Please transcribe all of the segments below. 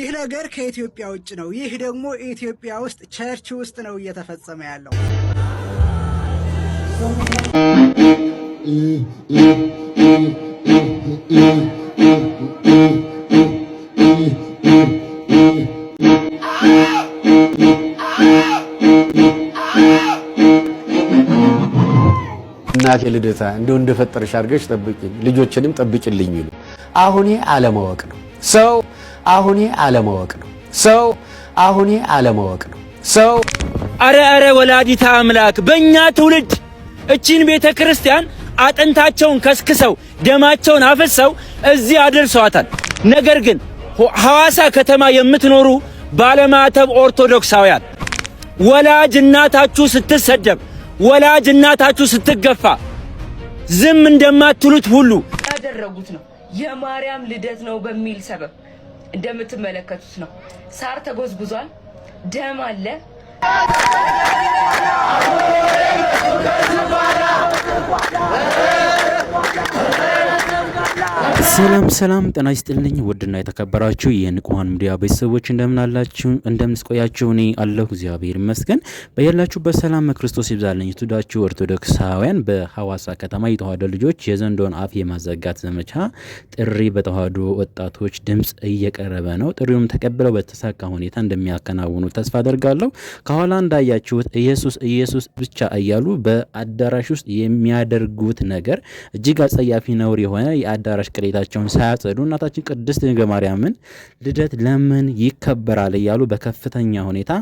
ይህ ነገር ከኢትዮጵያ ውጭ ነው። ይህ ደግሞ ኢትዮጵያ ውስጥ ቸርች ውስጥ ነው እየተፈጸመ ያለው። እናቴ ልደታ እንደው እንደፈጠረሽ አድርገሽ ጠብቂኝ፣ ልጆችንም ጠብቂልኝ ይሉ አሁን አለማወቅ ነው ሰው አሁኔ አለማወቅ ነው። ሰው አሁኔ አለማወቅ ነው። ሰው አረ አረ ወላዲታ አምላክ በእኛ ትውልድ እቺን ቤተ ክርስቲያን አጥንታቸውን ከስክሰው ደማቸውን አፈሰው እዚህ አደርሰዋታል። ነገር ግን ሐዋሳ ከተማ የምትኖሩ ባለማተብ ኦርቶዶክሳውያን ወላጅ እናታችሁ ስትሰደብ፣ ወላጅ እናታችሁ ስትገፋ ዝም እንደማትሉት ሁሉ ያደረጉት ነው የማርያም ልደት ነው በሚል ሰበብ እንደምትመለከቱት ነው። ሳር ተጎዝጉዟል። ደም አለ። ሰላም ሰላም፣ ጤና ይስጥልኝ ውድና የተከበራችሁ የንቁሃን ሚዲያ ቤተሰቦች እንደምናላችሁ፣ እንደምንስቆያችሁ፣ እኔ አለሁ እግዚአብሔር ይመስገን። በያላችሁ በሰላም ክርስቶስ ይብዛልኝ። ትዳችሁ ኦርቶዶክሳውያን በሐዋሳ ከተማ የተዋሕዶ ልጆች የዘንዶን አፍ የማዘጋት ዘመቻ ጥሪ በተዋህዶ ወጣቶች ድምፅ እየቀረበ ነው። ጥሪውም ተቀብለው በተሳካ ሁኔታ እንደሚያከናውኑ ተስፋ አደርጋለሁ። ከኋላ እንዳያችሁት ኢየሱስ ኢየሱስ ብቻ እያሉ በአዳራሽ ውስጥ የሚያደርጉት ነገር እጅግ አጸያፊ ነውር የሆነ የአዳራሽ ጭራሽ ቅሬታቸውን ሳያጸዱ እናታችን ቅድስት ድንግል ማርያምን ልደት ለምን ይከበራል እያሉ በከፍተኛ ሁኔታ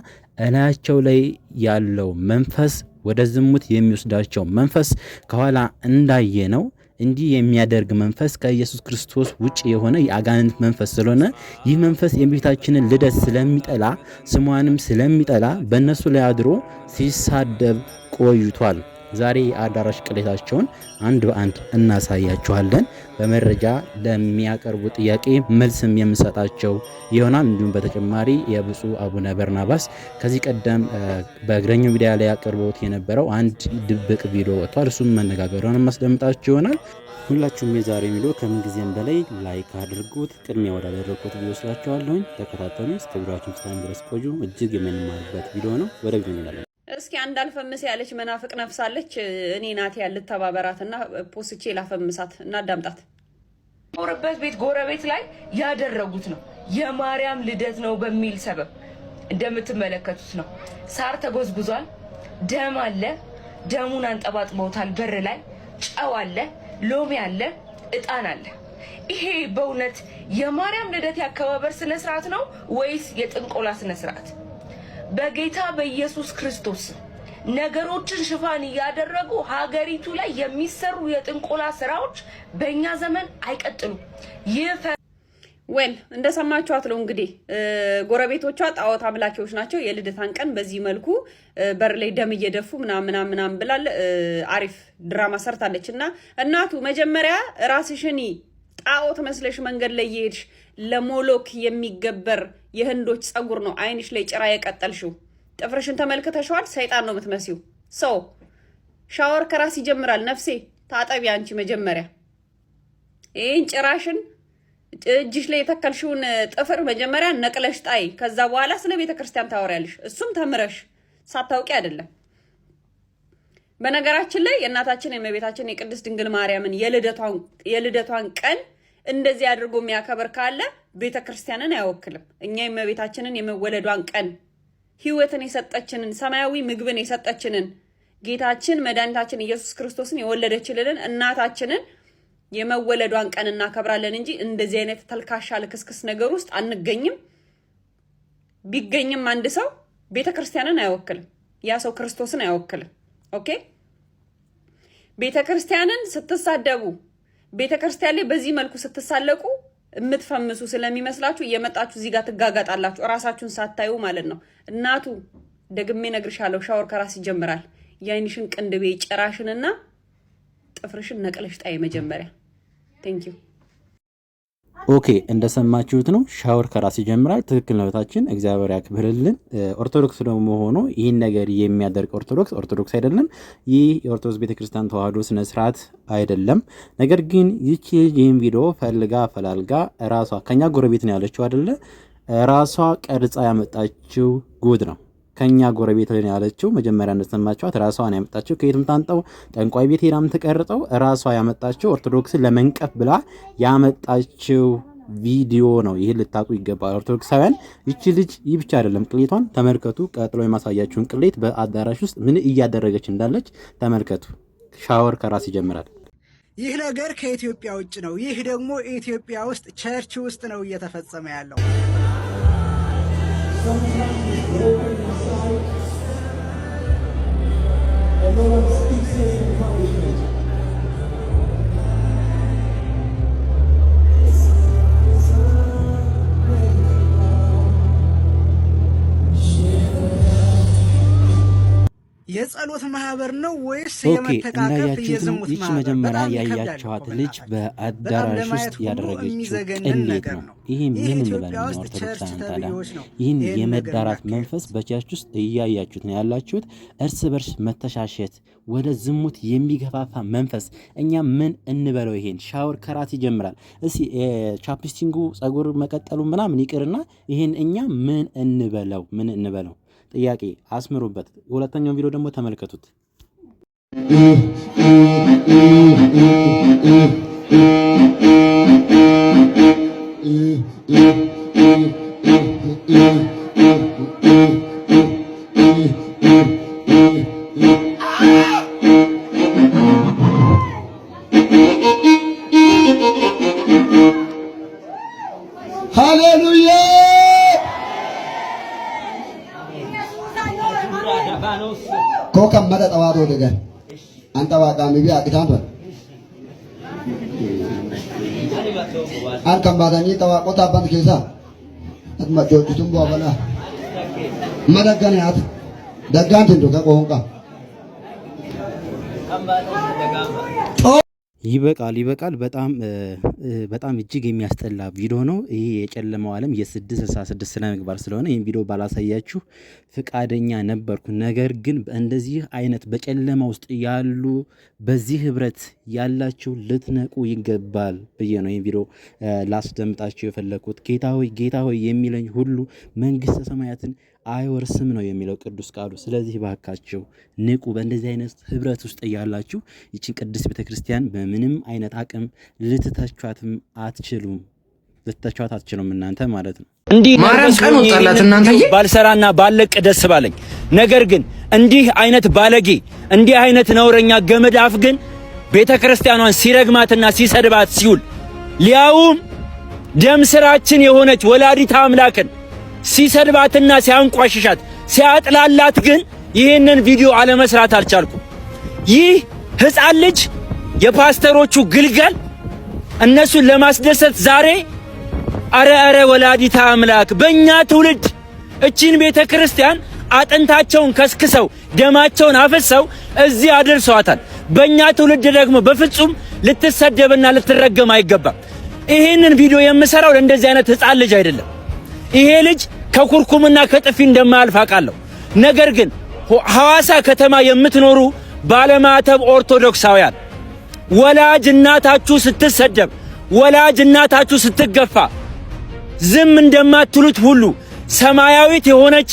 እላያቸው ላይ ያለው መንፈስ ወደ ዝሙት የሚወስዳቸው መንፈስ ከኋላ እንዳየ ነው እንዲህ የሚያደርግ መንፈስ ከኢየሱስ ክርስቶስ ውጭ የሆነ የአጋንንት መንፈስ ስለሆነ ይህ መንፈስ የእመቤታችንን ልደት ስለሚጠላ ስሟንም ስለሚጠላ በእነሱ ላይ አድሮ ሲሳደብ ቆይቷል። ዛሬ የአዳራሽ ቅሌታቸውን አንድ በአንድ እናሳያችኋለን። በመረጃ ለሚያቀርቡ ጥያቄ መልስም የምሰጣቸው ይሆናል። እንዲሁም በተጨማሪ የብፁዕ አቡነ በርናባስ ከዚህ ቀደም በእግረኛው ሚዲያ ላይ አቅርቦት የነበረው አንድ ድብቅ ቪዲዮ ወጥቷል። እሱም መነጋገሪያውን የማስደምጣችሁ ይሆናል። ሁላችሁም የዛሬ ቪዲዮ ከምንጊዜም በላይ ላይክ አድርጉት። ቅድሚያ ወዳደረግኩት ቪዲዮ ስላቸዋለሁኝ ተከታተሉ። እስከ ቪዲዮችን ስታን ድረስ ቆዩ። እጅግ የምንማርበት ቪዲዮ ነው። ወደ ቪዲዮ እስኪ አንድ አልፈምስ ያለች መናፍቅ ነፍሳለች። እኔ ናት ያለት ተባበራትና ፖስቼ ላፈምሳት እናዳምጣት። ኖርበት ቤት ጎረቤት ላይ ያደረጉት ነው። የማርያም ልደት ነው በሚል ሰበብ እንደምትመለከቱት ነው። ሳር ተጎዝጉዟል። ደም አለ። ደሙን አንጠባጥበውታል። በር ላይ ጨው አለ፣ ሎሚ አለ፣ እጣን አለ። ይሄ በእውነት የማርያም ልደት ያከባበር ስነስርዓት ነው ወይስ የጥንቆላ ስነስርዓት? በጌታ በኢየሱስ ክርስቶስ ነገሮችን ሽፋን እያደረጉ ሀገሪቱ ላይ የሚሰሩ የጥንቆላ ስራዎች በእኛ ዘመን አይቀጥሉም። ይህ ወል እንደሰማችኋት ነው እንግዲህ ጎረቤቶቿ ጣዖት አምላኪዎች ናቸው። የልደታን ቀን በዚህ መልኩ በር ላይ ደም እየደፉ ምናምና ምናም ብላል። አሪፍ ድራማ ሰርታለች። እና እናቱ መጀመሪያ ራስሽኒ ጣዖት መስለሽ መንገድ ላይ ለሞሎክ የሚገበር የህንዶች ጸጉር ነው አይንሽ ላይ ጭራ የቀጠልሽው። ጥፍርሽን ተመልክተሽዋል። ሰይጣን ነው የምትመሲው። ሰው ሻወር ከራስ ይጀምራል። ነፍሴ ታጠቢ አንቺ መጀመሪያ ይህን ጭራሽን እጅሽ ላይ የተከልሽውን ጥፍር መጀመሪያ ነቅለሽ ጣይ። ከዛ በኋላ ስለ ቤተ ክርስቲያን ታወሪያለሽ። እሱም ተምረሽ ሳታውቂ አይደለም። በነገራችን ላይ የእናታችን የእመቤታችን የቅድስት ድንግል ማርያምን የልደቷን ቀን እንደዚህ አድርጎ የሚያከብር ካለ ቤተ ክርስቲያንን አይወክልም። እኛ የእመቤታችንን የመወለዷን ቀን ሕይወትን የሰጠችንን ሰማያዊ ምግብን የሰጠችንን ጌታችን መድኃኒታችን ኢየሱስ ክርስቶስን የወለደችልንን እናታችንን የመወለዷን ቀን እናከብራለን እንጂ እንደዚህ አይነት ተልካሻ ልክስክስ ነገር ውስጥ አንገኝም። ቢገኝም አንድ ሰው ቤተ ክርስቲያንን አይወክልም። ያ ሰው ክርስቶስን አይወክልም። ኦኬ ቤተ ክርስቲያንን ስትሳደቡ ቤተ ክርስቲያን ላይ በዚህ መልኩ ስትሳለቁ የምትፈምሱ ስለሚመስላችሁ እየመጣችሁ እዚህ ጋር ትጋጋጣላችሁ፣ እራሳችሁን ሳታዩ ማለት ነው። እናቱ ደግሜ ነግርሻለሁ፣ ሻወር ከራስ ይጀምራል። የአይንሽን ቅንድቤ ጭራሽንና ጥፍርሽን ነቅለሽ ጣይ መጀመሪያ። ቴንኪው ኦኬ እንደሰማችሁት ነው። ሻወር ከራስ ይጀምራል። ትክክል ነው እህታችን፣ እግዚአብሔር ያክብርልን። ኦርቶዶክስ ደግሞ ሆኖ ይህን ነገር የሚያደርግ ኦርቶዶክስ ኦርቶዶክስ አይደለም። ይህ የኦርቶዶክስ ቤተክርስቲያን ተዋህዶ ስነስርዓት አይደለም። ነገር ግን ይቺ ልጅ ይህን ቪዲዮ ፈልጋ ፈላልጋ ራሷ ከኛ ጎረቤት ነው ያለችው አይደለ፣ ራሷ ቀርጻ ያመጣችው ጉድ ነው። ከኛ ጎረቤት ልን ያለችው መጀመሪያ እንደሰማችኋት ራሷን ያመጣችው ከየትም ታንጠው ጠንቋይ ቤት ሄዳም ተቀርጠው ራሷ ያመጣችው ኦርቶዶክስን ለመንቀፍ ብላ ያመጣችው ቪዲዮ ነው። ይህን ልታውቁ ይገባል ኦርቶዶክሳውያን። ይቺ ልጅ ይህ ብቻ አይደለም ቅሌቷን ተመልከቱ። ቀጥሎ የማሳያችሁን ቅሌት በአዳራሽ ውስጥ ምን እያደረገች እንዳለች ተመልከቱ። ሻወር ከራስ ይጀምራል። ይህ ነገር ከኢትዮጵያ ውጭ ነው። ይህ ደግሞ ኢትዮጵያ ውስጥ ቸርች ውስጥ ነው እየተፈጸመ ያለው Deus. የጸሎት ማህበር ነው ወይስ የመተቃቀፍ የዝሙት ማህበር? መጀመሪያ ያያቸዋት ልጅ በአዳራሽ ውስጥ ያደረገችው ቅሌት ነው። ይህ ምን እንበልና ኦርቶዶክሳን ታዲያ ይህን የመዳራት መንፈስ በቻች ውስጥ እያያችሁት ነው ያላችሁት። እርስ በርስ መተሻሸት ወደ ዝሙት የሚገፋፋ መንፈስ እኛ ምን እንበለው? ይሄን ሻወር ከራት ይጀምራል። እስ ቻፕስቲንጉ ጸጉር መቀጠሉ ምናምን ይቅርና ይሄን እኛ ምን እንበለው? ምን እንበለው? ጥያቄ አስምሩበት። ሁለተኛውን ቪዲዮ ደግሞ ተመልከቱት። አልቢ አቅዳም በር አርከም ባታኝ ጠዋቆት አባን ኬሳ አትማጆቹቱም በኋላ መደገንያት ደጋንት እንዶ ከቆንቃ ይበቃል ይበቃል በጣም በጣም እጅግ የሚያስጠላ ቪዲዮ ነው። ይሄ የጨለመው ዓለም የ666 ስድስት ስነ ምግባር ስለሆነ ይህን ቪዲዮ ባላሳያችሁ ፍቃደኛ ነበርኩ። ነገር ግን እንደዚህ አይነት በጨለማ ውስጥ ያሉ በዚህ ህብረት ያላችሁ ልትነቁ ይገባል ብዬ ነው ይህን ቪዲዮ ላስደምጣችሁ የፈለግኩት። ጌታ ሆይ ጌታ ሆይ የሚለኝ ሁሉ መንግስተ ሰማያትን አይወርስም ነው የሚለው ቅዱስ ቃሉ። ስለዚህ ባካችሁ ንቁ። በእንደዚህ አይነት ህብረት ውስጥ እያላችሁ ይችን ቅድስት ቤተ ክርስቲያን በምንም አይነት አቅም ልትተቿትም አትችሉም፣ ልትተቿት አትችሉም እናንተ ማለት ነው። እንዲህ ባልሰራና ባለቅ ደስ ባለኝ። ነገር ግን እንዲህ አይነት ባለጌ እንዲህ አይነት ነውረኛ ገመድ አፍ ግን ቤተ ክርስቲያኗን ሲረግማትና ሲሰድባት ሲውል ሊያውም ደም ስራችን የሆነች ወላዲታ አምላክን ሲሰድባትና ሲያንቋሽሻት ሲያጥላላት ግን ይህንን ቪዲዮ አለመስራት አልቻልኩ ይህ ህፃን ልጅ የፓስተሮቹ ግልገል እነሱን ለማስደሰት ዛሬ አረ አረ ወላዲታ አምላክ በእኛ ትውልድ እቺን ቤተ ክርስቲያን አጥንታቸውን ከስክሰው ደማቸውን አፍሰው እዚህ አድርሰዋታል። በእኛ ትውልድ ደግሞ በፍጹም ልትሰደብና ልትረገም አይገባም። ይህንን ቪዲዮ የምሰራው ለእንደዚህ አይነት ህፃን ልጅ አይደለም። ይሄ ልጅ ከኩርኩምና ከጥፊ እንደማያልፍ አውቃለሁ። ነገር ግን ሐዋሳ ከተማ የምትኖሩ ባለማተብ ኦርቶዶክሳውያን ወላጅ እናታችሁ ስትሰደብ፣ ወላጅ እናታችሁ ስትገፋ ዝም እንደማትሉት ሁሉ ሰማያዊት የሆነች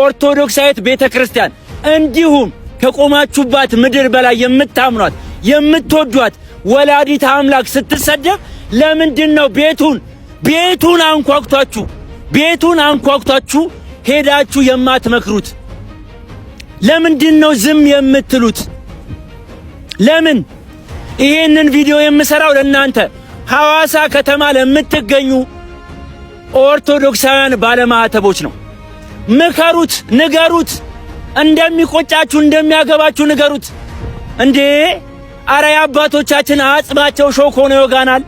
ኦርቶዶክሳዊት ቤተ ክርስቲያን እንዲሁም ከቆማችሁባት ምድር በላይ የምታምኗት የምትወዷት ወላዲት አምላክ ስትሰደብ ለምንድን ነው ቤቱን ቤቱን አንኳኩቷችሁ ቤቱን አንኳኩታችሁ ሄዳችሁ የማትመክሩት? ለምንድን ነው ዝም የምትሉት? ለምን? ይሄንን ቪዲዮ የምሰራው ለእናንተ ሐዋሳ ከተማ ለምትገኙ ኦርቶዶክሳውያን ባለማዕተቦች ነው። ምከሩት፣ ንገሩት። እንደሚቆጫችሁ እንደሚያገባችሁ ንገሩት። እንዴ! አረ የአባቶቻችን አጽማቸው ሾክ ሆኖ ይወጋናል።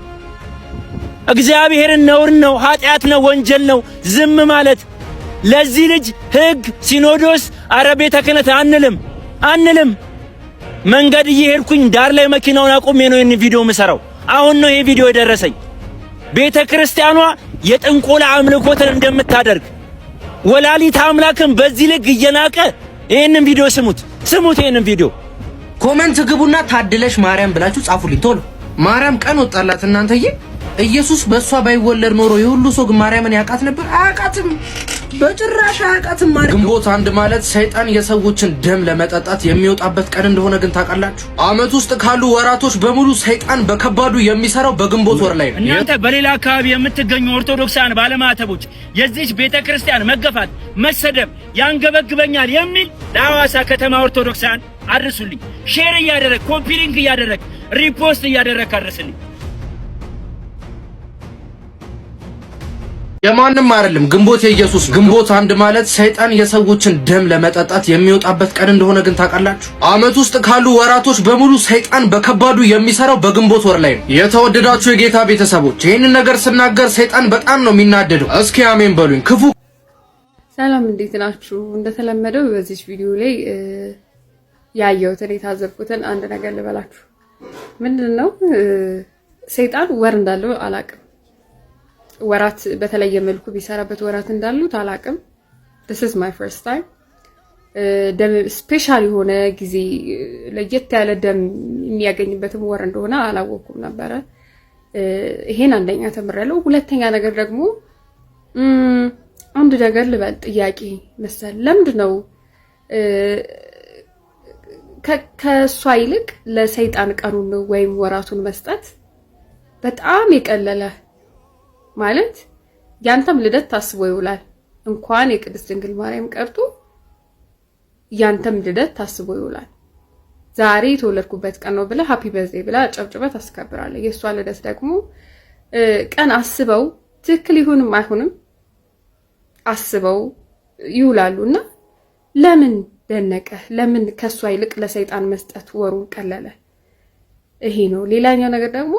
እግዚአብሔርን ነውር ነው፣ ኃጢአት ነው፣ ወንጀል ነው ዝም ማለት። ለዚህ ልጅ ህግ፣ ሲኖዶስ አረ ቤተ ክህነት አንልም አንልም። መንገድ እየሄድኩኝ ዳር ላይ መኪናውን አቁሜ ነው ይህን ቪዲዮ የምሰራው። አሁን ነው ይሄ ቪዲዮ የደረሰኝ። ቤተ ክርስቲያኗ የጥንቆላ አምልኮትን እንደምታደርግ ወላሊት አምላክን በዚህ ልግ እየናቀ ይህንን ቪዲዮ ስሙት፣ ስሙት። ይህንን ቪዲዮ ኮመንት ግቡና ታድለሽ ማርያም ብላችሁ ጻፉልኝ ቶሎ። ማርያም ቀን ወጣላት እናንተዬ። ኢየሱስ በእሷ ባይወለድ ኖሮ የሁሉ ሰው ግን ማርያምን ያውቃት ነበር? አያውቃትም፣ በጭራሽ አያውቃትም። ማርያም ግንቦት አንድ ማለት ሰይጣን የሰዎችን ደም ለመጠጣት የሚወጣበት ቀን እንደሆነ ግን ታውቃላችሁ? አመት ውስጥ ካሉ ወራቶች በሙሉ ሰይጣን በከባዱ የሚሰራው በግንቦት ወር ላይ ነው። እናንተ በሌላ አካባቢ የምትገኙ ኦርቶዶክሳን ባለማተቦች የዚች ቤተ ክርስቲያን መገፋት፣ መሰደብ ያንገበግበኛል የሚል ለሐዋሳ ከተማ ኦርቶዶክሳን አድርሱልኝ። ሼር እያደረግ ኮፒ እያደረግ ሪፖስት እያደረግ አድርስልኝ። የማንም አይደለም። ግንቦት የኢየሱስ ግንቦት አንድ ማለት ሰይጣን የሰዎችን ደም ለመጠጣት የሚወጣበት ቀን እንደሆነ ግን ታውቃላችሁ። አመት ውስጥ ካሉ ወራቶች በሙሉ ሰይጣን በከባዱ የሚሰራው በግንቦት ወር ላይ ነው። የተወደዳችሁ የጌታ ቤተሰቦች ይህንን ነገር ስናገር ሰይጣን በጣም ነው የሚናደደው። እስኪ አሜን በሉኝ። ክፉ ሰላም፣ እንዴት ናችሁ? እንደተለመደው በዚህ ቪዲዮ ላይ ያየሁትን የታዘብኩትን አንድ ነገር ልበላችሁ። ምንድን ነው ሰይጣን ወር እንዳለው አላውቅም ወራት በተለየ መልኩ ቢሰራበት ወራት እንዳሉት አላቅም። ስ ማይ ፈርስት ታይም ስፔሻል የሆነ ጊዜ ለየት ያለ ደም የሚያገኝበትም ወር እንደሆነ አላወኩም ነበረ። uh, ይሄን አንደኛ ተምሬያለሁ። ሁለተኛ ነገር ደግሞ mm, አንድ ነገር ልበል ጥያቄ መሰል ለምንድን ነው uh, ከእሷ ይልቅ ለሰይጣን ቀኑን ወይም ወራቱን መስጠት በጣም የቀለለ ማለት ያንተም ልደት ታስቦ ይውላል። እንኳን የቅድስት ድንግል ማርያም ቀርቶ ያንተም ልደት ታስቦ ይውላል። ዛሬ የተወለድኩበት ቀን ነው ብለ ሀፒ በርዝዴ ብላ ጨብጭበ አስከብራለሁ። የእሷ ልደት ደግሞ ቀን አስበው ትክክል ይሁንም አይሁንም አስበው ይውላሉ እና ለምን ደነቀ? ለምን ከእሷ ይልቅ ለሰይጣን መስጠት ወሩን ቀለለ? ይሄ ነው። ሌላኛው ነገር ደግሞ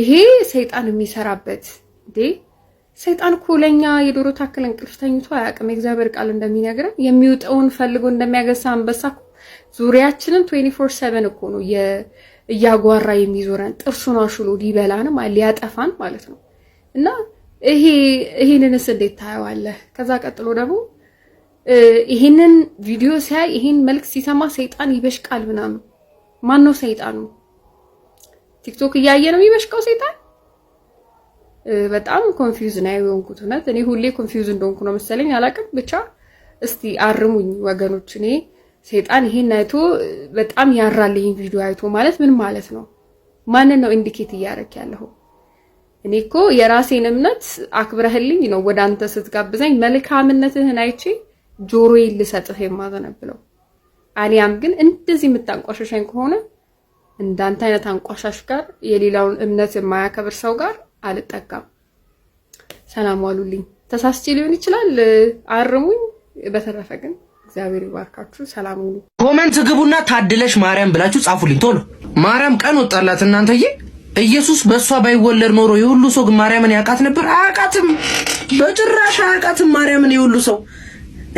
ይሄ ሰይጣን የሚሰራበት እንዴ ሰይጣን እኮ ለእኛ የዶሮ ታክል እንቅልፍ ተኝቶ አያውቅም። የእግዚአብሔር ቃል እንደሚነግረን የሚውጠውን ፈልጎ እንደሚያገሳ አንበሳ እኮ ዙሪያችንን 24/7 እኮ ነው እያጓራ የሚዞረን ጥርሱን አሹሎ ሊበላን ሊያጠፋን ማለት ነው። እና ይሄ ይሄንንስ እንዴት ታየዋለህ? ከዛ ቀጥሎ ደግሞ ይሄንን ቪዲዮ ሲያይ ይሄን መልክ ሲሰማ ሰይጣን ይበሽቃል ምናምን። ማን ነው ሰይጣኑ? ቲክቶክ እያየ ነው የሚበሽቀው ሴጣን። በጣም ኮንፊውዝ ነው የሆንኩት። እውነት እኔ ሁሌ ኮንፊውዝ እንደሆንኩ ነው መሰለኝ፣ አላውቅም። ብቻ እስቲ አርሙኝ ወገኖች። እኔ ሴጣን ይሄን አይቶ በጣም ያራል። ያራልኝ ቪዲዮ አይቶ ማለት ምን ማለት ነው? ማንን ነው ኢንዲኬት እያደረክ ያለሁ? እኔ እኮ የራሴን እምነት አክብረህልኝ ነው ወደ አንተ ስትጋብዘኝ መልካምነትህን አይቼ ጆሮዬን ልሰጥህ የማዘነብለው። አሊያም ግን እንደዚህ የምታንቋሸሸኝ ከሆነ እንዳንተ አይነት አንቋሻሽ ጋር የሌላውን እምነት የማያከብር ሰው ጋር አልጠቀም። ሰላም ዋሉልኝ። ተሳስቼ ሊሆን ይችላል፣ አርሙኝ። በተረፈ ግን እግዚአብሔር ይባርካችሁ። ሰላም ሁኑ። ኮመንት ግቡና ታድለሽ ማርያም ብላችሁ ጻፉልኝ ቶሎ። ማርያም ቀን ወጣላት እናንተዬ። ኢየሱስ በእሷ ባይወለድ ኖሮ የሁሉ ሰው ግን ማርያምን ያውቃት ነበር። አያውቃትም፣ በጭራሽ አያውቃትም ማርያምን የሁሉ ሰው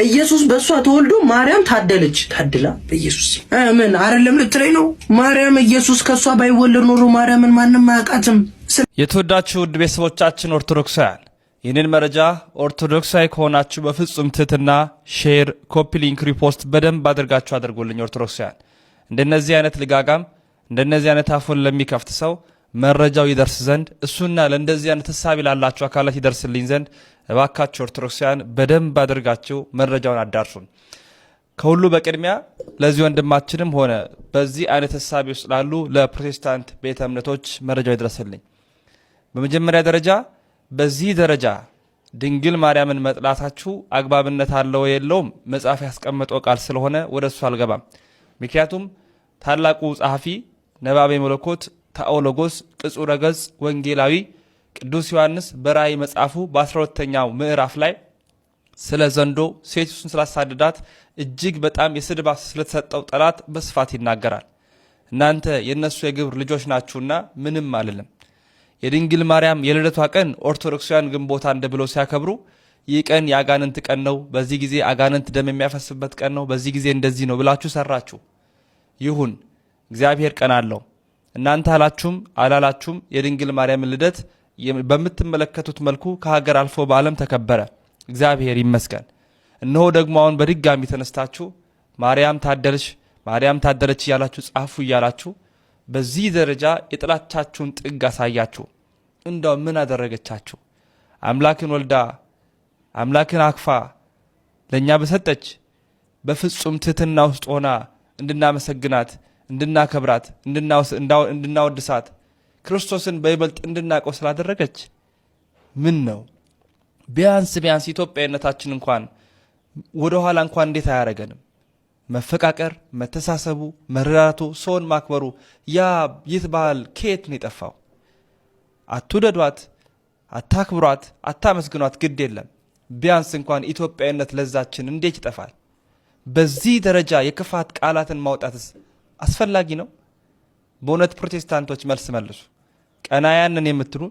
ኢየሱስ በእሷ ተወልዶ ማርያም ታደለች። ታድላ በኢየሱስ ምን አይደለም ልትለኝ ነው? ማርያም ኢየሱስ ከእሷ ባይወለድ ኖሮ ማርያምን ማንም አያውቃትም። የተወዳችሁ ውድ ቤተሰቦቻችን ኦርቶዶክሳውያን ይህንን መረጃ ኦርቶዶክሳዊ ከሆናችሁ በፍጹም ትህትና ሼር፣ ኮፒ ሊንክ፣ ሪፖስት በደንብ አድርጋችሁ አድርጎልኝ። ኦርቶዶክሳውያን እንደነዚህ አይነት ልጋጋም እንደነዚህ አይነት አፉን ለሚከፍት ሰው መረጃው ይደርስ ዘንድ እሱና ለእንደዚህ አይነት ተሳቢ ላላችሁ አካላት ይደርስልኝ ዘንድ እባካችሁ ኦርቶዶክሳውያን በደንብ አድርጋችሁ መረጃውን አዳርሱን። ከሁሉ በቅድሚያ ለዚህ ወንድማችንም ሆነ በዚህ አይነት ሀሳቢ ውስጥ ላሉ ለፕሮቴስታንት ቤተ እምነቶች መረጃው ይድረስልኝ። በመጀመሪያ ደረጃ በዚህ ደረጃ ድንግል ማርያምን መጥላታችሁ አግባብነት አለው የለውም? መጽሐፍ ያስቀመጠው ቃል ስለሆነ ወደ እሱ አልገባም። ምክንያቱም ታላቁ ጸሐፊ ነባቤ መለኮት ታኦሎጎስ ቅጹረ ገጽ ወንጌላዊ ቅዱስ ዮሐንስ በራእይ መጽሐፉ በ12ተኛው ምዕራፍ ላይ ስለ ዘንዶ ሴቲቱን ስላሳደዳት እጅግ በጣም የስድባ ስለተሰጠው ጠላት በስፋት ይናገራል። እናንተ የእነሱ የግብር ልጆች ናችሁና ምንም አልልም። የድንግል ማርያም የልደቷ ቀን ኦርቶዶክሳውያን ግንቦት አንድ ብለው ሲያከብሩ ይህ ቀን የአጋንንት ቀን ነው፣ በዚህ ጊዜ አጋንንት ደም የሚያፈስበት ቀን ነው፣ በዚህ ጊዜ እንደዚህ ነው ብላችሁ ሰራችሁ። ይሁን እግዚአብሔር ቀን አለው። እናንተ አላችሁም አላላችሁም የድንግል ማርያምን ልደት በምትመለከቱት መልኩ ከሀገር አልፎ በዓለም ተከበረ። እግዚአብሔር ይመስገን። እነሆ ደግሞ አሁን በድጋሚ ተነስታችሁ ማርያም ታደለች፣ ማርያም ታደለች እያላችሁ ጻፉ እያላችሁ በዚህ ደረጃ የጥላቻችሁን ጥግ አሳያችሁ። እንዳው ምን አደረገቻችሁ? አምላክን ወልዳ አምላክን አክፋ ለእኛ በሰጠች በፍጹም ትህትና ውስጥ ሆና እንድናመሰግናት፣ እንድናከብራት፣ እንድናወድሳት ክርስቶስን በይበልጥ እንድናቀው ስላደረገች ምን ነው ቢያንስ ቢያንስ ኢትዮጵያዊነታችን እንኳን ወደ ኋላ እንኳን እንዴት አያደረገንም? መፈቃቀር፣ መተሳሰቡ፣ መረዳቱ፣ ሰውን ማክበሩ ያ ይህ ባህል ከየት ነው የጠፋው? አትውደዷት፣ አታክብሯት፣ አታመስግኗት፣ ግድ የለም ቢያንስ እንኳን ኢትዮጵያዊነት ለዛችን እንዴት ይጠፋል? በዚህ ደረጃ የክፋት ቃላትን ማውጣትስ አስፈላጊ ነው? በእውነት ፕሮቴስታንቶች መልስ መልሱ። ቀናያንን የምትሉ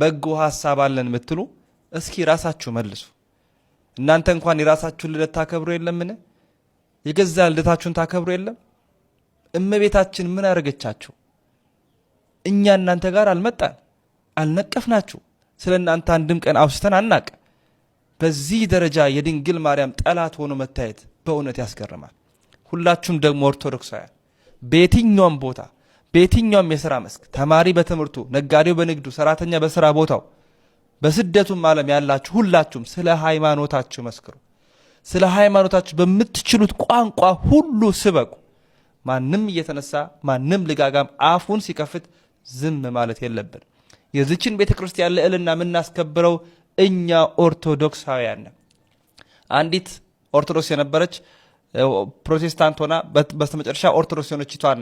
በጎ ሀሳብ አለን የምትሉ እስኪ ራሳችሁ መልሱ። እናንተ እንኳን የራሳችሁን ልደት ታከብሩ የለምን? የገዛ ልደታችሁን ታከብሩ የለም? እመቤታችን ምን አደረገቻችሁ? እኛ እናንተ ጋር አልመጣን፣ አልነቀፍናችሁ። ስለ እናንተ አንድም ቀን አውስተን አናቅ። በዚህ ደረጃ የድንግል ማርያም ጠላት ሆኖ መታየት በእውነት ያስገርማል። ሁላችሁም ደግሞ ኦርቶዶክሳውያን በየትኛውም ቦታ በየትኛውም የስራ መስክ ተማሪ በትምህርቱ፣ ነጋዴው በንግዱ፣ ሰራተኛ በስራ ቦታው፣ በስደቱም ዓለም ያላችሁ ሁላችሁም ስለ ሃይማኖታችሁ መስክሩ። ስለ ሃይማኖታችሁ በምትችሉት ቋንቋ ሁሉ ስበቁ ማንም እየተነሳ ማንም ልጋጋም አፉን ሲከፍት ዝም ማለት የለብን። የዚችን ቤተ ክርስቲያን ልዕልና የምናስከብረው እኛ ኦርቶዶክሳውያን ነን። አንዲት ኦርቶዶክስ የነበረች ፕሮቴስታንት ሆና በስተመጨረሻ ኦርቶዶክስ የሆነችቷን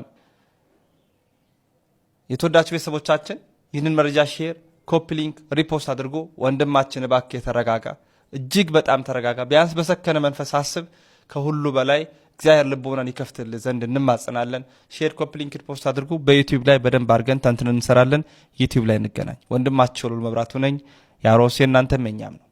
የተወዳች ቤተሰቦቻችን ይህንን መረጃ ሼር፣ ኮፒ ሊንክ፣ ሪፖስት አድርጎ ወንድማችን እባክህ ተረጋጋ፣ እጅግ በጣም ተረጋጋ፣ ቢያንስ በሰከነ መንፈስ አስብ። ከሁሉ በላይ እግዚአብሔር ልቦናን ይከፍትል ዘንድ እንማጸናለን። ሼር፣ ኮፒ ሊንክ፣ ሪፖስት አድርጎ በዩቲዩብ ላይ በደንብ አድርገን ተንትን እንሰራለን። ዩቲዩብ ላይ እንገናኝ። ወንድማቸው ሉል መብራቱ ነኝ። ያሮሴ እናንተ መኛም ነው።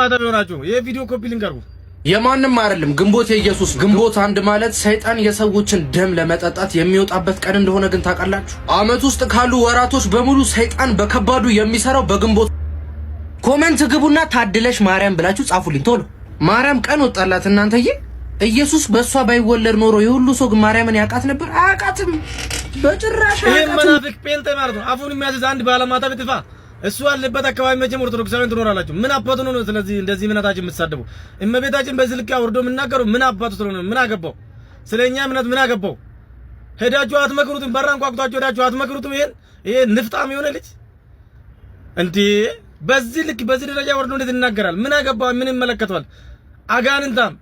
ማታ የሆናችሁ ይህ ቪዲዮ ኮፒ ሊንክ አድርጉ። የማንም አይደለም። ግንቦት የኢየሱስ ግንቦት አንድ ማለት ሰይጣን የሰዎችን ደም ለመጠጣት የሚወጣበት ቀን እንደሆነ ግን ታውቃላችሁ? አመት ውስጥ ካሉ ወራቶች በሙሉ ሰይጣን በከባዱ የሚሰራው በግንቦት። ኮመንት ግቡና ታድለሽ ማርያም ብላችሁ ጻፉልኝ ቶሎ። ማርያም ቀን ወጣላት እናንተዬ። ኢየሱስ በእሷ ባይወለድ ኖሮ የሁሉ ሰው ግን ማርያምን ያውቃት ነበር? አያውቃትም፣ በጭራሽ አያውቃትም። ይህ መናፍቅ ጴንጤ ማለት ነው። አፉን የሚያዘዝ አንድ ባለማታ ብትፋ እሱ ያለበት አካባቢ መቼም ኦርቶዶክሳውያን ትኖራላችሁ። ምን አባቱ ነው ስለዚህ እንደዚህ እምነታችን የምትሳደቡ? እመቤታችን በዚህ ልክ አውርዶ የምናገሩ ምን አባቱ ስለሆነ ምን አገባው? ስለኛ እምነት ምን አገባው? ሄዳችሁ አትመክሩትም? በራን ቋቁታችሁ ሄዳችሁ አትመክሩትም? ይሄን ይሄ ንፍጣም የሆነ ልጅ እንዴ! በዚህ ልክ በዚህ ደረጃ ወርዶ እንዴት ይናገራል? ምን አገባ? ምን ይመለከተዋል? አጋንንታም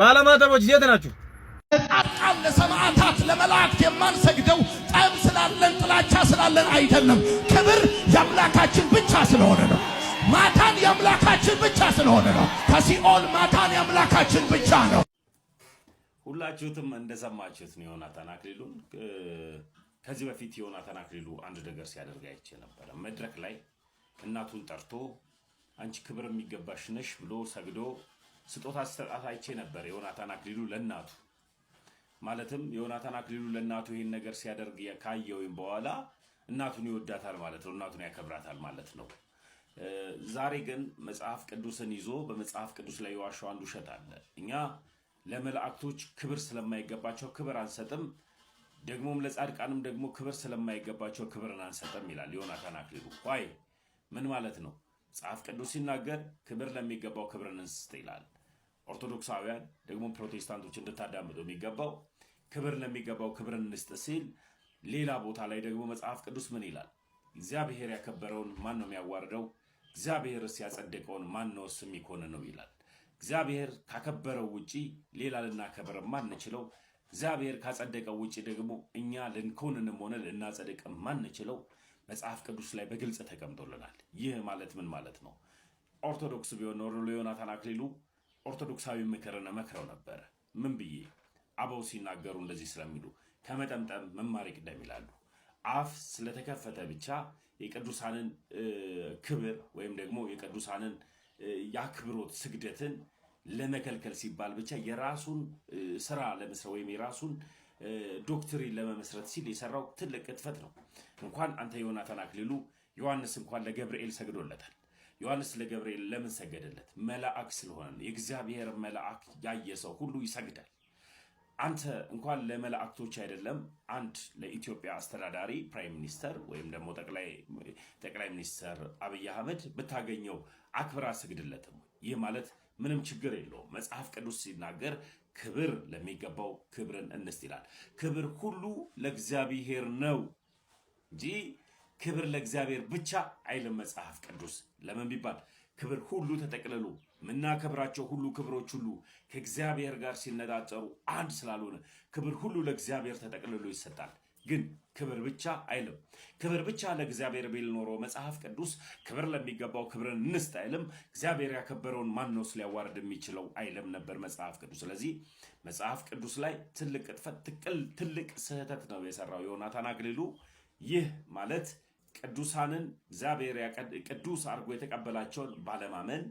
ባለማተቦች የት ናችሁ? ለሰማዕታት ለመላእክት የማንሰግደው ጠብ ስላለን ጥላቻ ስላለን አይደለም። ክብር የአምላካችን ብቻ ስለሆነ ነው። ማታን የአምላካችን ብቻ ስለሆነ ነው። ከሲኦል ማታን የአምላካችን ብቻ ነው። ሁላችሁትም እንደሰማችሁት ነው። ዮናታን አክሊሉን ከዚህ በፊት ዮናታን አክሊሉ አንድ ነገር ሲያደርግ አይቼ ነበረ። መድረክ ላይ እናቱን ጠርቶ አንቺ ክብር የሚገባሽ ነሽ ብሎ ሰግዶ ስጦታ ሲሰጣት አይቼ ነበር ዮናታን አክሊሉ ለእናቱ ማለትም ዮናታን አክሊሉ ለእናቱ ይህን ነገር ሲያደርግ ካየውም ወይም በኋላ እናቱን ይወዳታል ማለት ነው። እናቱን ያከብራታል ማለት ነው። ዛሬ ግን መጽሐፍ ቅዱስን ይዞ በመጽሐፍ ቅዱስ ላይ የዋሸው አንዱ ውሸት አለ። እኛ ለመላእክቶች ክብር ስለማይገባቸው ክብር አንሰጥም፣ ደግሞም ለጻድቃንም ደግሞ ክብር ስለማይገባቸው ክብርን አንሰጥም ይላል ዮናታን አክሊሉ። ይ ምን ማለት ነው? መጽሐፍ ቅዱስ ሲናገር ክብር ለሚገባው ክብርን እንስጥ ይላል። ኦርቶዶክሳውያን ደግሞ ፕሮቴስታንቶች እንድታዳምጡ የሚገባው ክብር ለሚገባው ክብር እንስጥ ሲል፣ ሌላ ቦታ ላይ ደግሞ መጽሐፍ ቅዱስ ምን ይላል? እግዚአብሔር ያከበረውን ማን ነው የሚያዋርደው? እግዚአብሔርስ ያጸደቀውን ማን ነውስ ነው ይላል። እግዚአብሔር ካከበረው ውጪ ሌላ ልናከብር ማንችለው፣ እግዚአብሔር ካጸደቀው ውጪ ደግሞ እኛ ልንኮንንም ሆነ ልናጸድቅ ማንችለው መጽሐፍ ቅዱስ ላይ በግልጽ ተቀምጦልናል። ይህ ማለት ምን ማለት ነው? ኦርቶዶክስ ቢሆን ኖሮ አክሊሉ ኦርቶዶክሳዊ ምክርን መክረው ነበረ። ምን ብዬ አበው ሲናገሩ እንደዚህ ስለሚሉ ከመጠምጠም መማር ይቅደም ይላሉ። አፍ ስለተከፈተ ብቻ የቅዱሳንን ክብር ወይም ደግሞ የቅዱሳንን የአክብሮት ስግደትን ለመከልከል ሲባል ብቻ የራሱን ስራ ለመስራት ወይም የራሱን ዶክትሪን ለመመስረት ሲል የሰራው ትልቅ ቅጥፈት ነው። እንኳን አንተ ዮናታን አክሊሉ ዮሐንስ እንኳን ለገብርኤል ሰግዶለታል። ዮሐንስ ለገብርኤል ለምን ሰገደለት? መልአክ ስለሆነ የእግዚአብሔር መልአክ ያየ ሰው ሁሉ ይሰግዳል። አንተ እንኳን ለመላእክቶች አይደለም አንድ ለኢትዮጵያ አስተዳዳሪ ፕራይም ሚኒስተር ወይም ደግሞ ጠቅላይ ሚኒስተር አብይ አህመድ ብታገኘው አክብራ ስግድለትም። ይህ ማለት ምንም ችግር የለውም። መጽሐፍ ቅዱስ ሲናገር ክብር ለሚገባው ክብርን እንስጥ ይላል። ክብር ሁሉ ለእግዚአብሔር ነው እንጂ ክብር ለእግዚአብሔር ብቻ አይልም መጽሐፍ ቅዱስ። ለምን ቢባል ክብር ሁሉ ተጠቅልሎ የምናከብራቸው ሁሉ ክብሮች ሁሉ ከእግዚአብሔር ጋር ሲነጣጠሩ አንድ ስላልሆነ ክብር ሁሉ ለእግዚአብሔር ተጠቅልሎ ይሰጣል። ግን ክብር ብቻ አይልም። ክብር ብቻ ለእግዚአብሔር ቢል ኖሮ መጽሐፍ ቅዱስ ክብር ለሚገባው ክብርን እንስጥ አይልም። እግዚአብሔር ያከበረውን ማን ነው ሊያዋርድ የሚችለው አይልም ነበር መጽሐፍ ቅዱስ። ስለዚህ መጽሐፍ ቅዱስ ላይ ትልቅ ቅጥፈት፣ ትልቅ ስህተት ነው የሰራው ዮናታን አክሊሉ። ይህ ማለት ቅዱሳንን እግዚአብሔር ቅዱስ አድርጎ የተቀበላቸውን ባለማመን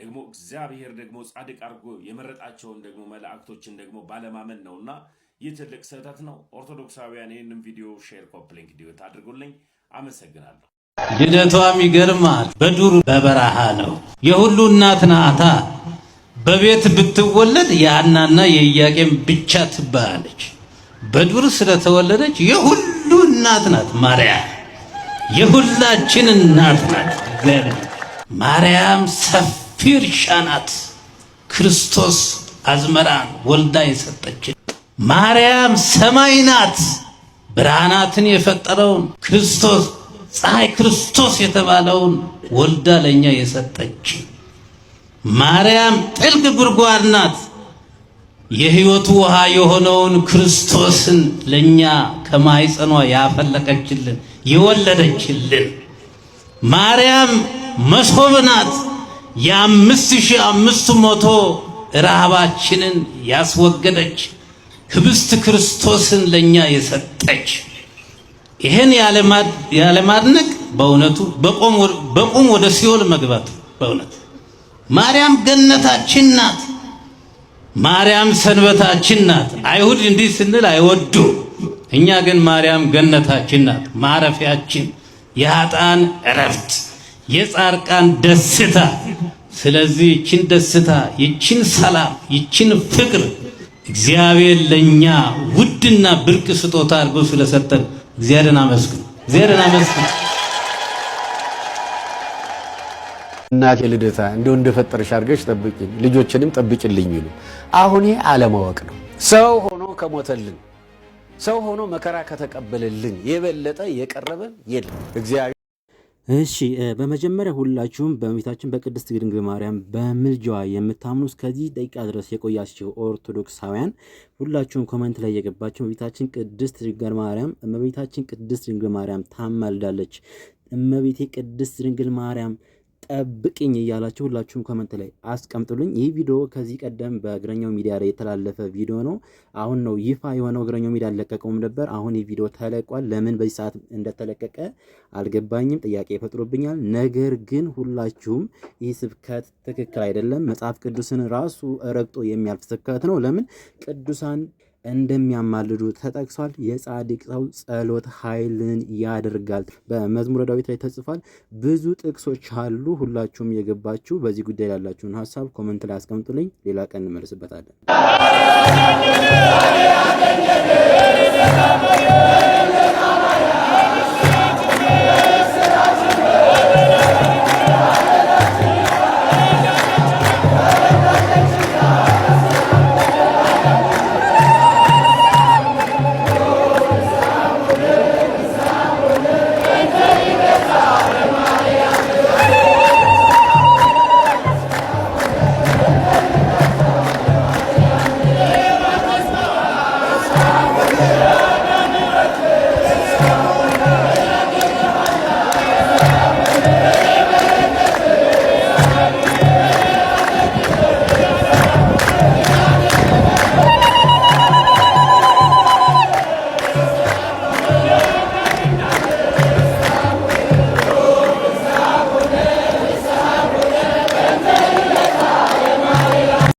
ደግሞ እግዚአብሔር ደግሞ ጻድቅ አድርጎ የመረጣቸውን ደግሞ መላእክቶችን ደግሞ ባለማመን እና ይህ ትልቅ ስህተት ነው። ኦርቶዶክሳውያን ይህንም ቪዲዮ ሼር፣ ኮፕሊንክ ዲዮት አድርጉልኝ። አመሰግናለሁ። ልደቷም ይገርማል። በዱር በበረሃ ነው። የሁሉ እናት ናታ። በቤት ብትወለድ የአናና የኢያቄም ብቻ ትባላለች። በዱር ስለተወለደች የሁሉ እናት ናት ማርያም። የሁላችን እናት ናት ማርያም ሰፍ ፊር ሻናት ክርስቶስ አዝመራን ወልዳ የሰጠችን ማርያም ሰማይ ናት። ብርሃናትን የፈጠረውን ክርስቶስ ፀሐይ ክርስቶስ የተባለውን ወልዳ ለእኛ የሰጠችን ማርያም ጥልቅ ጉድጓድ ናት። የሕይወቱ ውሃ የሆነውን ክርስቶስን ለእኛ ከማይጸኗ ያፈለቀችልን የወለደችልን ማርያም መሶብ ናት። የአምስት ሺህ አምስት መቶ ረሃባችንን ያስወገደች ህብስት ክርስቶስን ለእኛ የሰጠች ይህን ያለማድነቅ በእውነቱ በቁም ወደ ሲኦል መግባት በእውነት ማርያም ገነታችን ናት። ማርያም ሰንበታችን ናት። አይሁድ እንዲህ ስንል አይወዱ። እኛ ግን ማርያም ገነታችን ናት፣ ማረፊያችን፣ የኃጥአን እረፍት፣ የጻርቃን ደስታ ስለዚህ ይችን ደስታ፣ ይችን ሰላም፣ ይችን ፍቅር እግዚአብሔር ለኛ ውድና ብርቅ ስጦታ አድርጎ ስለሰጠን እግዚአብሔርን አመስግኑ፣ እግዚአብሔርን አመስግኑ። እናቴ ልደታ እንደው እንደፈጠረሽ አድርገሽ ጠብቂኝ፣ ልጆችንም ጠብቂልኝ ይሉ አሁን ይሄ አለማወቅ ነው። ሰው ሆኖ ከሞተልን፣ ሰው ሆኖ መከራ ከተቀበለልን የበለጠ የቀረበን የለም እግዚአብሔር እሺ በመጀመሪያ ሁላችሁም በእመቤታችን በቅድስት ድንግል ማርያም በምልጃዋ የምታምኑ እስከዚህ ደቂቃ ድረስ የቆያችሁ ኦርቶዶክሳውያን ሁላችሁም ኮመንት ላይ የገባችሁ እመቤታችን ቅድስት ድንግል ማርያም እመቤታችን ቅድስት ድንግል ማርያም ታማልዳለች፣ እመቤቴ ቅድስት ድንግል ማርያም ጠብቅኝ እያላችሁ ሁላችሁም ኮመንት ላይ አስቀምጡልኝ። ይህ ቪዲዮ ከዚህ ቀደም በእግረኛው ሚዲያ ላይ የተላለፈ ቪዲዮ ነው። አሁን ነው ይፋ የሆነው። እግረኛው ሚዲያ አልለቀቀውም ነበር። አሁን ይህ ቪዲዮ ተለቋል። ለምን በዚህ ሰዓት እንደተለቀቀ አልገባኝም፣ ጥያቄ ይፈጥሮብኛል። ነገር ግን ሁላችሁም ይህ ስብከት ትክክል አይደለም፣ መጽሐፍ ቅዱስን ራሱ ረግጦ የሚያልፍ ስብከት ነው። ለምን ቅዱሳን እንደሚያማልዱ ተጠቅሷል። የጻድቅ ሰው ጸሎት ኃይልን ያደርጋል በመዝሙረ ዳዊት ላይ ተጽፏል። ብዙ ጥቅሶች አሉ። ሁላችሁም የገባችሁ በዚህ ጉዳይ ያላችሁን ሀሳብ ኮመንት ላይ አስቀምጡልኝ። ሌላ ቀን እንመልስበታለን።